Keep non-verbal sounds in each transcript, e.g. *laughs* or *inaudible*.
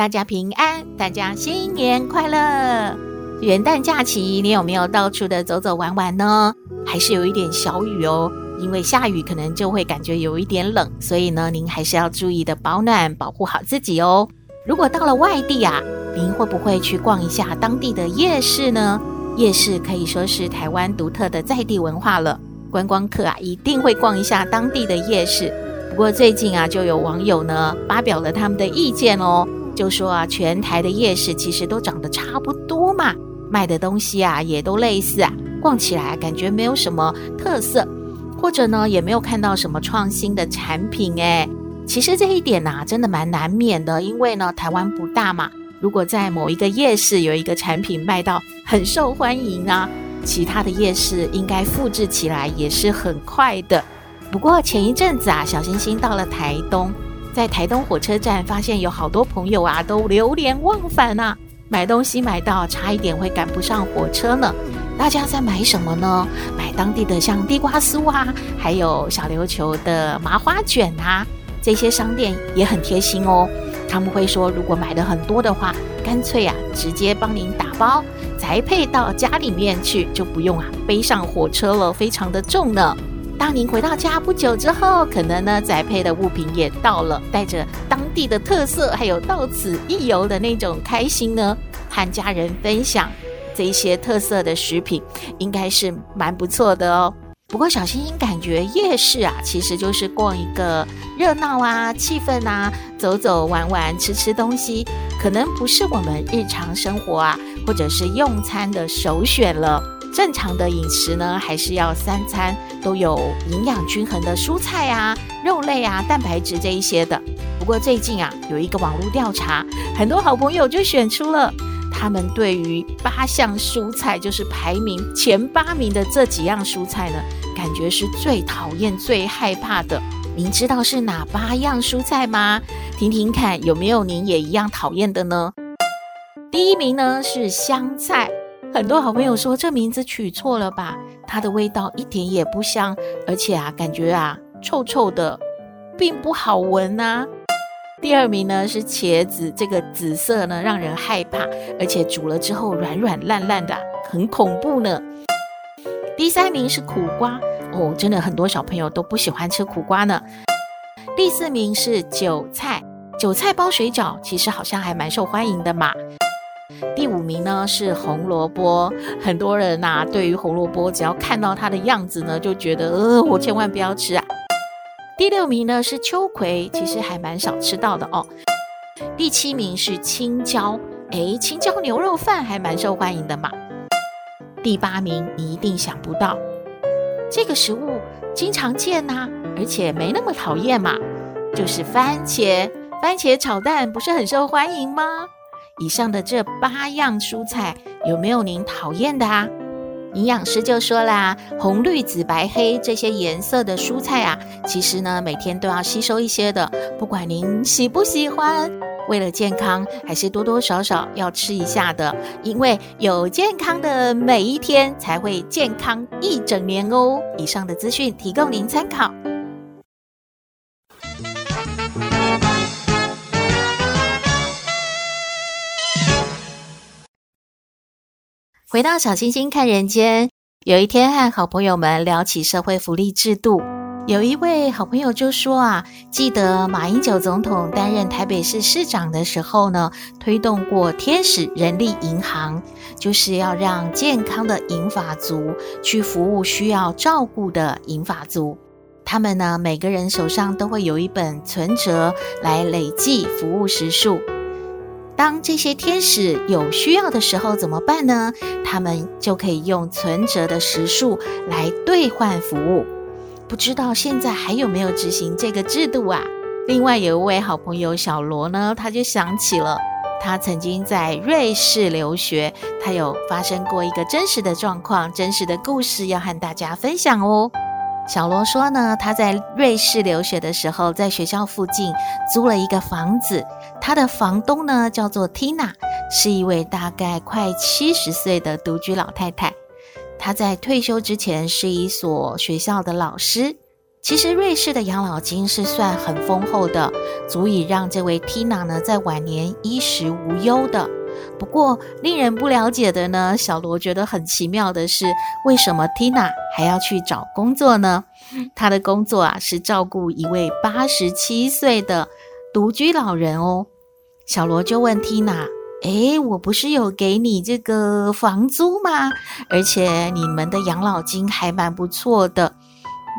大家平安，大家新年快樂！元旦假期，你有沒有到處的走走玩玩呢？還是有一點小雨哦，因為下雨可能就會感覺有一點冷，所以呢，您還是要注意的保暖，保護好自己哦。如果到了外地啊，您會不會去逛一下當地的夜市呢？夜市可以說是台灣獨特的在地文化了，觀光客啊一定會逛一下當地的夜市。不過最近啊，就有網友呢發表了他們的意見哦。就說啊，全台的夜市其實都長得差不多嘛，賣的東西啊也都類似啊，逛起來感覺沒有什麼特色，或者呢也沒有看到什麼創新的產品誒，其實這一點吶、啊、真的蠻難免的，因為呢台灣不大嘛，如果在某一個夜市有一個產品賣到很受歡迎啊，其他的夜市應該複製起來也是很快的。不過前一陣子啊，小星星到了台東。在台東火車站發現有好多朋友啊，都流連忘返啊，買東西買到差一點會趕不上火車呢。大家在買什麼呢？買當地的像地瓜酥啊，還有小琉球的麻花捲啊，這些商店也很貼心哦。他們會說，如果買的很多的話，乾脆啊直接幫您打包，宅配到家裡面去，就不用啊背上火車了，非常的重呢。當您回到家不久之後，可能呢，宅配的物品也到了，帶着當地的特色，還有到此一遊的那種開心呢，和家人分享這些特色的食品，應該是蠻不錯的哦。不過小星星感覺夜市啊，其實就是逛一個熱鬧啊、氣氛啊，走走玩玩吃吃東西，可能不是我們日常生活啊，或者是用餐的首選了。正常的飲食呢，還是要三餐都有營養均衡的蔬菜啊、肉類啊、蛋白質這一些的。不過最近啊，有一個網絡調查，很多好朋友就選出了他們對於八項蔬菜，就是排名前八名的這幾樣蔬菜呢，感覺是最討厭、最害怕的。您知道是哪八樣蔬菜嗎？聽聽看，有沒有您也一樣討厭的呢？第一名呢，是香菜。很多好朋友說這名字取錯了吧，它的味道一點也不香，而且啊，感覺啊，臭臭的，並不好聞吶。第二名呢是茄子，這個紫色呢讓人害怕，而且煮了之後軟軟爛爛的，很恐怖呢。第三名是苦瓜，哦，真的很多小朋友都不喜歡吃苦瓜呢。第四名是韭菜，韭菜包水餃其實好像還蠻受歡迎的嘛。第五名呢是紅蘿蔔，很多人吶、啊、對於紅蘿蔔，只要看到它的樣子呢，就覺得呃我千萬不要吃啊。第六名呢是秋葵，其實還蠻少吃到的哦。第七名是青椒，哎，青椒牛肉飯還蠻受歡迎的嘛。第八名你一定想不到，這個食物經常見吶、啊，而且沒那麼討厭嘛，就是番茄，番茄炒蛋不是很受歡迎嗎？以上的這八樣蔬菜有沒有您討厭的啊？營養師就說啦，紅、綠、紫、白、黑這些顏色的蔬菜啊，其實呢，每天都要吸收一些的，不管您喜不喜歡，為了健康，還是多多少少要吃一下的。因為有健康的每一天，才會健康一整年哦。以上的資訊提供您參考。回到小星星看人間，有一天和好朋友們聊起社會福利制度，有一位好朋友就說：“啊，記得馬英九總統擔任台北市市長的時候呢，推動過天使人力銀行，就是要讓健康的銀髮族去服務需要照顧的銀髮族。他們呢，每個人手上都會有一本存折來累計服務時數。”當這些天使有需要的時候怎麼辦呢？他們就可以用存折的時數來兌換服務。不知道現在還有沒有執行這個制度啊？另外有一位好朋友小羅呢，他就想起了他曾經在瑞士留學，他有發生過一個真實的狀況，真實的故事要和大家分享哦。小羅說呢，他在瑞士留學的時候，在學校附近租了一個房子。他的房東呢，叫做 Tina，是一位大概快七十歲的獨居老太太。她在退休之前是一所學校的老師。其實瑞士的養老金是算很豐厚的，足以讓這位 Tina 呢在晚年衣食無憂的。不過令人不了解的呢，小羅覺得很奇妙的是，為什麼 Tina 還要去找工作呢？她的工作啊是照顧一位八十七歲的獨居老人哦。小羅就問 Tina：“ 誒，我不是有給你這個房租嗎？而且你們的養老金還蠻不錯的，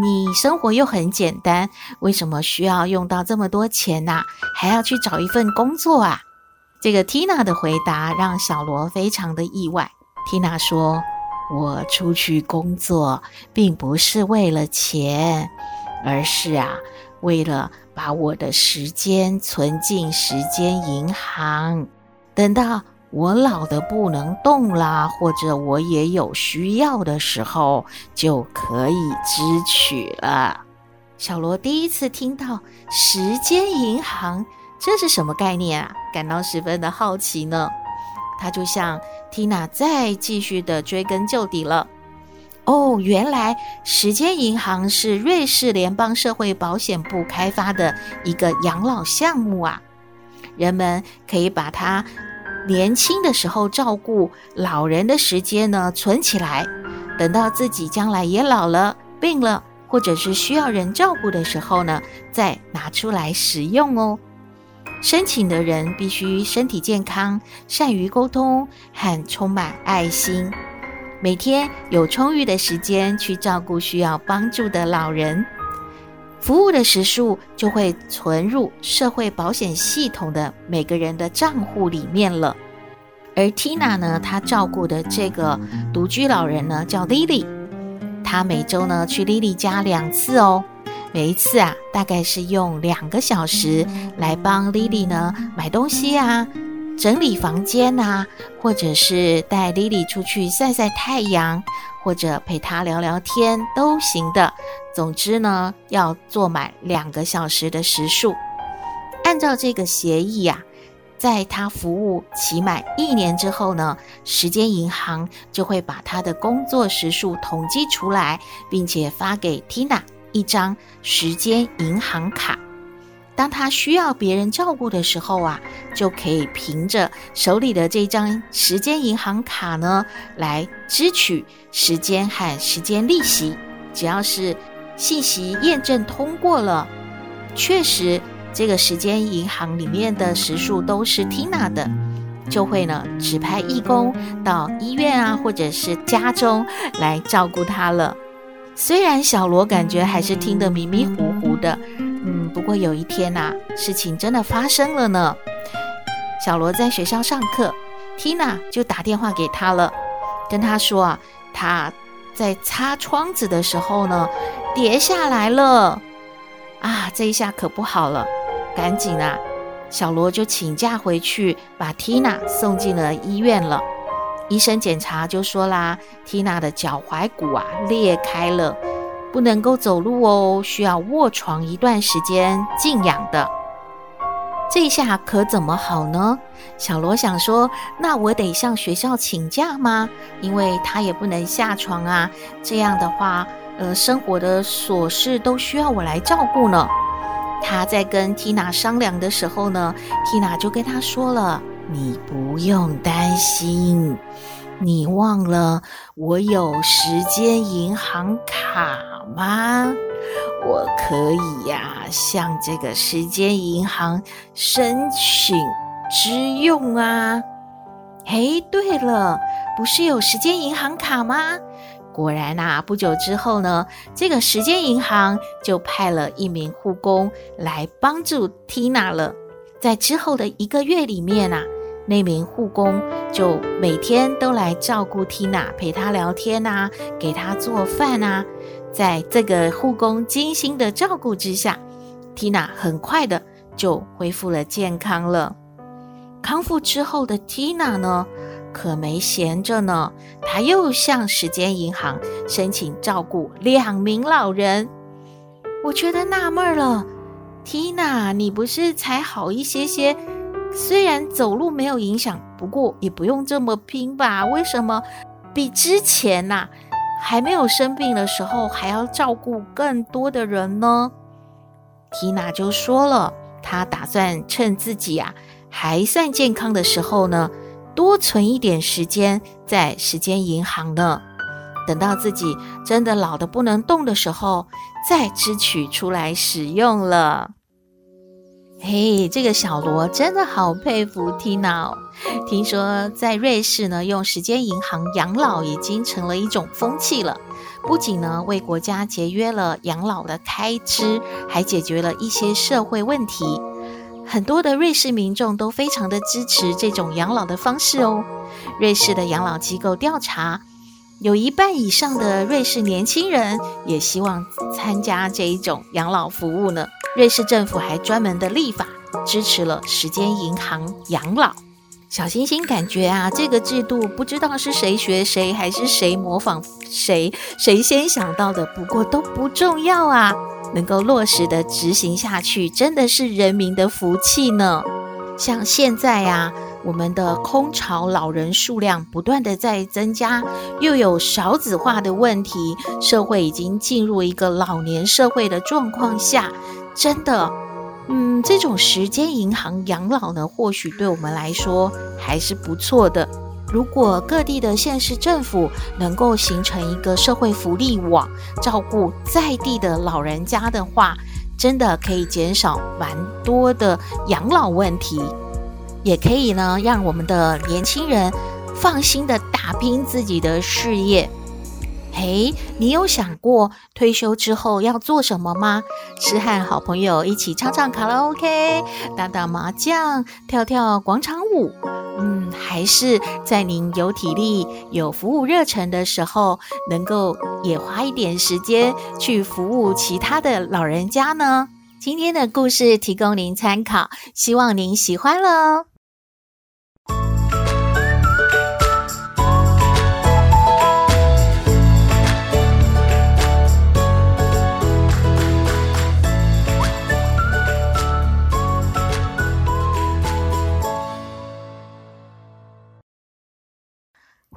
你生活又很簡單，為什麼需要用到這麼多錢呢、啊？還要去找一份工作啊？”這個 Tina 的回答讓小羅非常的意外。Tina 說：“我出去工作並不是為了錢，而是啊，為了……”把我的時間存進時間銀行，等到我老得不能動啦，或者我也有需要的時候，就可以支取了。小羅第一次聽到時間銀行，這是什麼概念啊？感到十分的好奇呢。他就向，Tina 再繼續的追根究底了。哦，原來時間銀行是瑞士聯邦社會保險部開發的一個養老項目啊。人們可以把它年輕的時候照顧老人的時間呢存起來，等到自己將來也老了、病了，或者是需要人照顧的時候呢，再拿出來使用哦。申請的人必須身體健康、善於溝通和充滿愛心。每天有充裕的時間去照顧需要幫助的老人，服務的時數就會存入社會保險系統的每個人的賬戶裡面了。而 Tina 呢，她照顧的這個獨居老人呢，叫 Lily，她每周呢去 Lily 家兩次哦，每一次啊大概是用兩個小時來幫 Lily 呢買東西呀啊。整理房間呐、啊，或者是帶 Lily 出去曬曬太陽，或者陪她聊聊天都行的。總之呢，要做滿兩個小時的時數。按照這個協議呀、啊，在他服務期滿一年之後呢，時間銀行就會把他的工作時數統計出來，並且發給 Tina 一張時間銀行卡。當他需要別人照顧的時候啊，就可以憑着手裡的這張時間銀行卡呢，來支取時間和時間利息。只要是信息驗證通過了，確實這個時間銀行裡面的時數都是 Tina 的，就會呢指派義工到醫院啊，或者是家中來照顧他了。雖然小羅感覺還是聽得迷迷糊糊的。不過有一天吶、啊，事情真的發生了呢。小羅在學校上課，Tina 就打電話給她了，跟她說啊，她在擦窗子的時候呢，跌下來了。啊，這一下可不好了，趕緊啊，小羅就請假回去，把 Tina 送進了醫院了。醫生檢查就說啦，Tina 的腳踝骨啊裂開了。不能夠走路哦，需要臥床一段時間靜養的。這下可怎麼好呢？小羅想說，那我得向學校請假嗎？因為他也不能下床啊。這樣的話，呃，生活的瑣事都需要我來照顧呢。他在跟緹娜商量的時候呢，緹娜就跟他說了：“你不用擔心，你忘了我有時間銀行卡。”好嗎？我可以呀、啊，向這個時間銀行申請支用啊。嘿，對了，不是有時間銀行卡嗎？果然吶、啊，不久之後呢，這個時間銀行就派了一名護工來幫助蒂娜了。在之後的一個月裡面吶、啊，那名護工就每天都來照顧蒂娜，陪她聊天吶、啊，給她做飯吶、啊。在這個護工精心的照顧之下，Tina 很快的就恢復了健康了。康復之後的 Tina 呢，可沒閒着呢，她又向時間銀行申請照顧兩名老人。我覺得納悶了，Tina，你不是才好一些些？雖然走路沒有影響，不過也不用這麼拼吧？為什麼？比之前呢、啊，還沒有生病的時候，還要照顧更多的人呢。緹娜就說了，她打算趁自己啊還算健康的時候呢，多存一點時間在時間銀行呢，等到自己真的老的不能動的時候，再支取出來使用了。嘿，hey，這個小羅真的好佩服 Tina 哦。聽說在瑞士呢，用時間銀行養老已經成了一種風氣了。不僅呢，為國家節約了養老的開支，還解決了一些社會問題。很多的瑞士民眾都非常的支持這種養老的方式哦。瑞士的養老機構調查，有一半以上的瑞士年輕人也希望參加這一種養老服務呢。瑞士政府還專門的立法支持了時間銀行養老。小星星感覺啊，這個制度不知道是誰學誰還是誰模仿誰，誰先想到的，不過都不重要啊。能夠落實的執行下去，真的是人民的福氣呢。像現在啊，我們的空巢老人數量不斷的在增加，又有少子化的問題，社會已經進入一個老年社會的狀況下。真的，嗯，這種時間銀行養老呢，或許對我們來說還是不錯的。如果各地的縣市政府能夠形成一個社會福利網，照顧在地的老人家的話，真的可以減少蠻多的養老問題，也可以呢，讓我們的年輕人放心的打拼自己的事業。嘿，你有想過退休之後要做什麼嗎？是和好朋友一起唱唱卡拉 OK、打打麻將、跳跳廣場舞，嗯，還是在您有體力、有服務熱忱的時候，能夠也花一點時間去服務其他的老人家呢？今天的故事提供您參考，希望您喜歡嘍。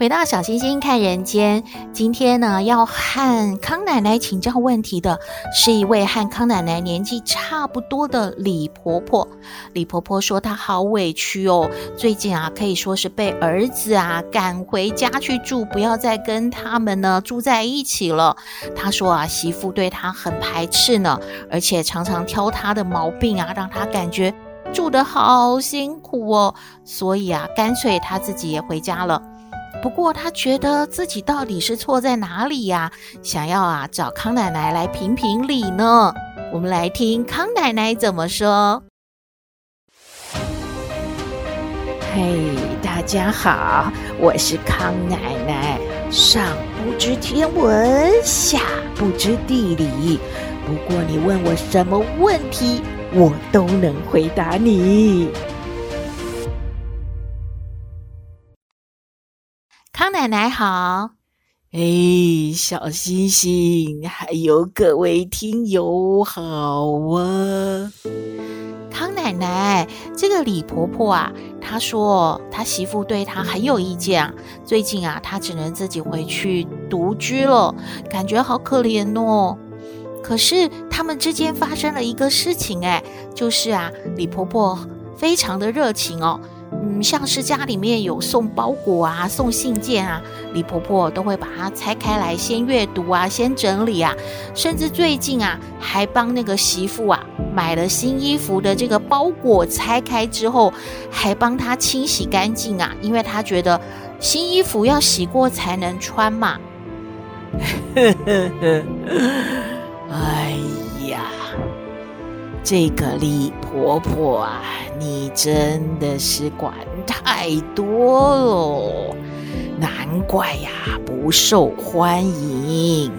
回到小星星看人間，今天呢要和康奶奶請教問題的是一位和康奶奶年紀差不多的李婆婆。李婆婆說她好委屈哦，最近啊可以說是被兒子啊趕回家去住，不要再跟他們呢住在一起了。她說啊，媳婦對她很排斥呢，而且常常挑她的毛病啊，讓她感覺住得好辛苦哦。所以啊，乾脆她自己也回家了。不過，他覺得自己到底是錯在哪裡呀？想要啊，找康奶奶來評評理呢。我們來聽康奶奶怎麼說。嘿，大家好，我是康奶奶，上不知天文，下不知地理。不過，你問我什麼問題，我都能回答你。康奶奶好，哎，小星星，還有各位聽友好啊！康奶奶，這個李婆婆啊，她說她媳婦對她很有意見啊，最近啊，她只能自己回去獨居了，感覺好可憐哦。可是他們之間發生了一個事情，哎，就是啊，李婆婆非常的熱情哦。嗯，像是家裡面有送包裹啊、送信件啊，李婆婆都會把它拆開來先閱讀啊，先整理啊，甚至最近啊，還幫那個媳婦啊買了新衣服的這個包裹拆開之後，還幫她清洗乾淨啊，因為她覺得新衣服要洗過才能穿嘛。 *laughs* 哎呀。這個李婆婆啊，你真的是管太多哦。難怪呀，啊，不受歡迎。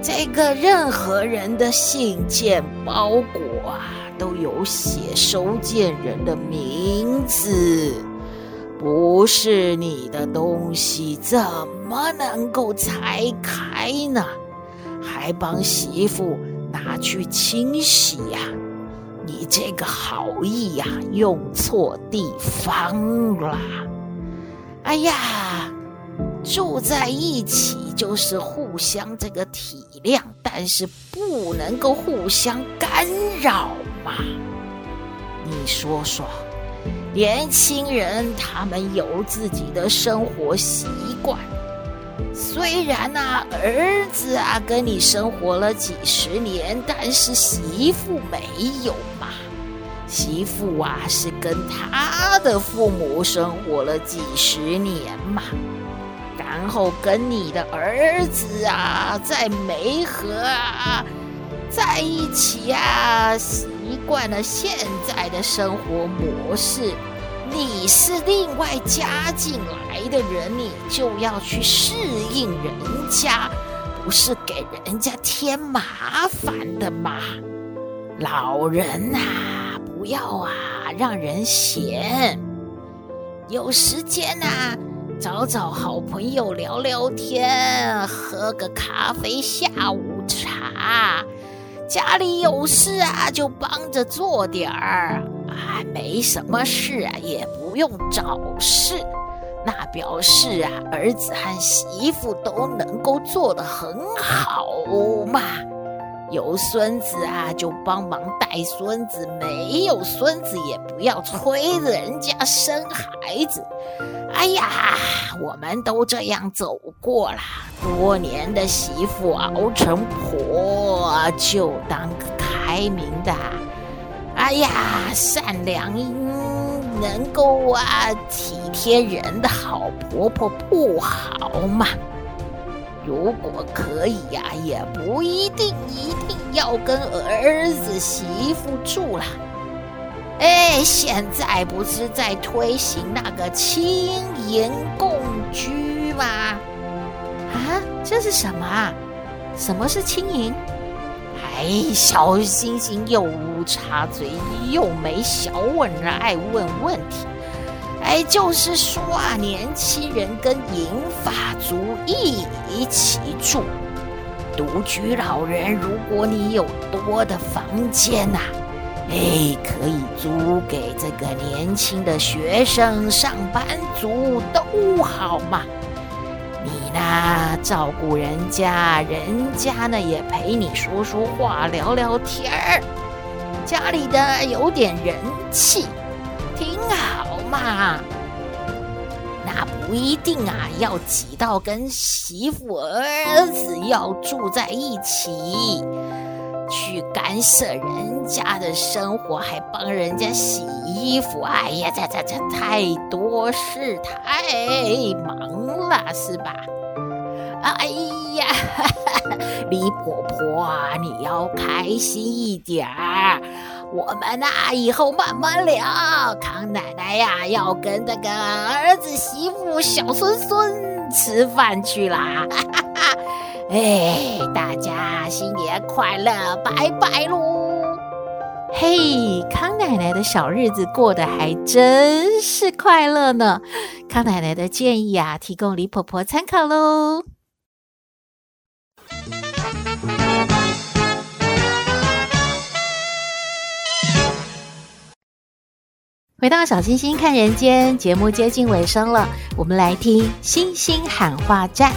這個任何人的信件包裹啊，都有寫收件人的名字，不是你的東西怎麼能夠拆開呢？還幫媳婦。拿去清洗呀！你這個好意呀，用錯地方了。哎呀，住在一起就是互相這個體諒，但是不能夠互相干擾嘛。你說說，年輕人他們有自己的生活習慣。雖然呢、啊，兒子啊跟你生活了幾十年，但是媳婦沒有嘛。媳婦啊是跟他的父母生活了幾十年嘛，然後跟你的兒子啊在梅河啊在一起啊，習慣了現在的生活模式。你是另外加進來的人，你就要去適應人家，不是給人家添麻煩的嘛。老人啊，不要啊，讓人嫌。有時間啊，找找好朋友聊聊天，喝個咖啡，下午茶。家裡有事啊，就幫着做點兒。啊，沒什麼事啊，也不用找事，那表示啊，兒子和媳婦都能夠做得很好嘛。有孫子啊，就幫忙帶孫子；沒有孫子，也不要催人家生孩子。哎呀，我們都這樣走過了，多年的媳婦熬成婆，就當個開明的。哎呀，善良、能夠啊體貼人的好婆婆不好嗎？如果可以呀、啊，也不一定一定要跟兒子媳婦住了。哎，現在不是在推行那個“青銀共居”嗎？啊，這是什麼啊？什麼是“青銀”？哎，小星星又插嘴，又沒小問愛問問題。哎，就是說啊，年輕人跟銀髮族一起住，獨居老人，如果你有多的房間吶、啊，哎，可以租給這個年輕的學生、上班族，都好嘛。那照顧人家，人家呢也陪你說說話、聊聊天兒，家裡的有點人氣，挺好嘛。那不一定啊，要擠到跟媳婦兒子要住在一起，去干涉人家的生活，還幫人家洗衣服，哎呀，這這這太多事，太忙了，是吧？哎呀，哈哈哈，李婆婆啊，你要開心一點兒。我們啊，以後慢慢聊。康奶奶呀、啊，要跟那個兒子、媳婦、小孫孫吃飯去啦。哎，大家新年快樂，拜拜嘍！嘿，康奶奶的小日子過得還真是快樂呢。康奶奶的建議啊，提供李婆婆參考嘍。回到小星星看人間，節目接近尾聲了，我們來聽星星喊話站。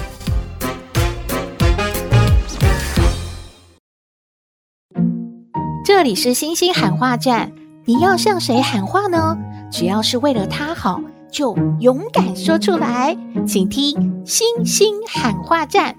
這裡是星星喊話站，你要向誰喊話呢？只要是為了他好，就勇敢說出來，請聽星星喊話站。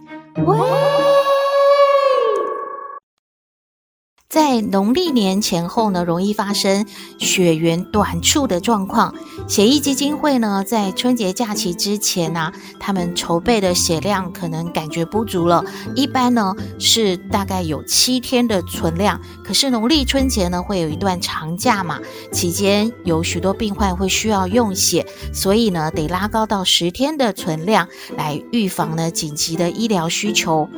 在農曆年前後呢，容易發生血源短絀的狀況。血液基金會呢，在春節假期之前啊，他們籌備的血量可能感覺不足了。一般呢是大概有七天的存量，可是農曆春節呢會有一段長假嘛，期間有許多病患會需要用血，所以呢得拉高到十天的存量來預防呢緊急的醫療需求。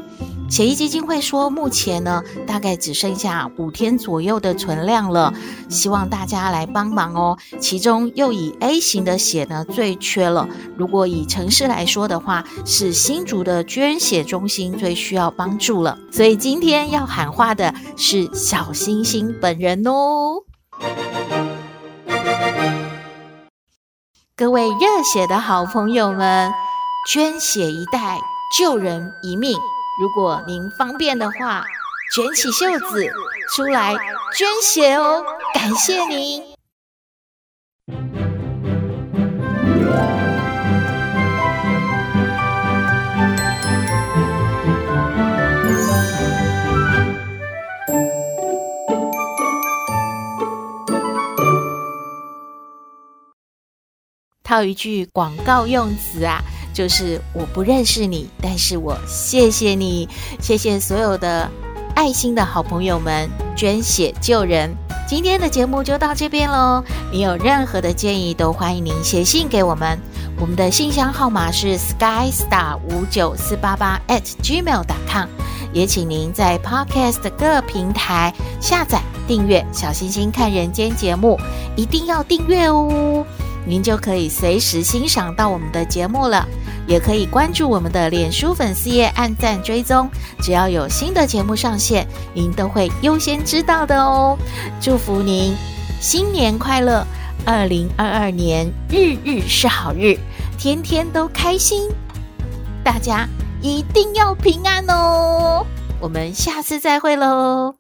血液基金會說，目前呢，大概只剩下五天左右的存量了，希望大家來幫忙哦。其中又以 A 型的血呢最缺了。如果以城市來說的話，是新竹的捐血中心最需要幫助了。所以今天要喊話的是小星星本人哦。各位熱血的好朋友們，捐血一袋，救人一命。如果您方便的話，捲起袖子出來捐血哦，感謝您。套一句廣告用詞啊。就是我不認識你，但是我謝謝你，謝謝所有的愛心的好朋友們捐血救人。今天的節目就到這邊嘍。你有任何的建議，都歡迎您寫信給我們，我們的信箱號碼是 skystar 五九四八八 at gmail.com。也請您在 Podcast 各平台下載訂閱《小星星看人間》節目，一定要訂閱哦。您就可以隨時欣賞到我們的節目了，也可以關注我們的臉書粉絲頁，按讚追蹤，只要有新的節目上線，您都會優先知道的哦。祝福您新年快樂，二零二二年日日是好日，天天都開心，大家一定要平安哦。我們下次再會嘍。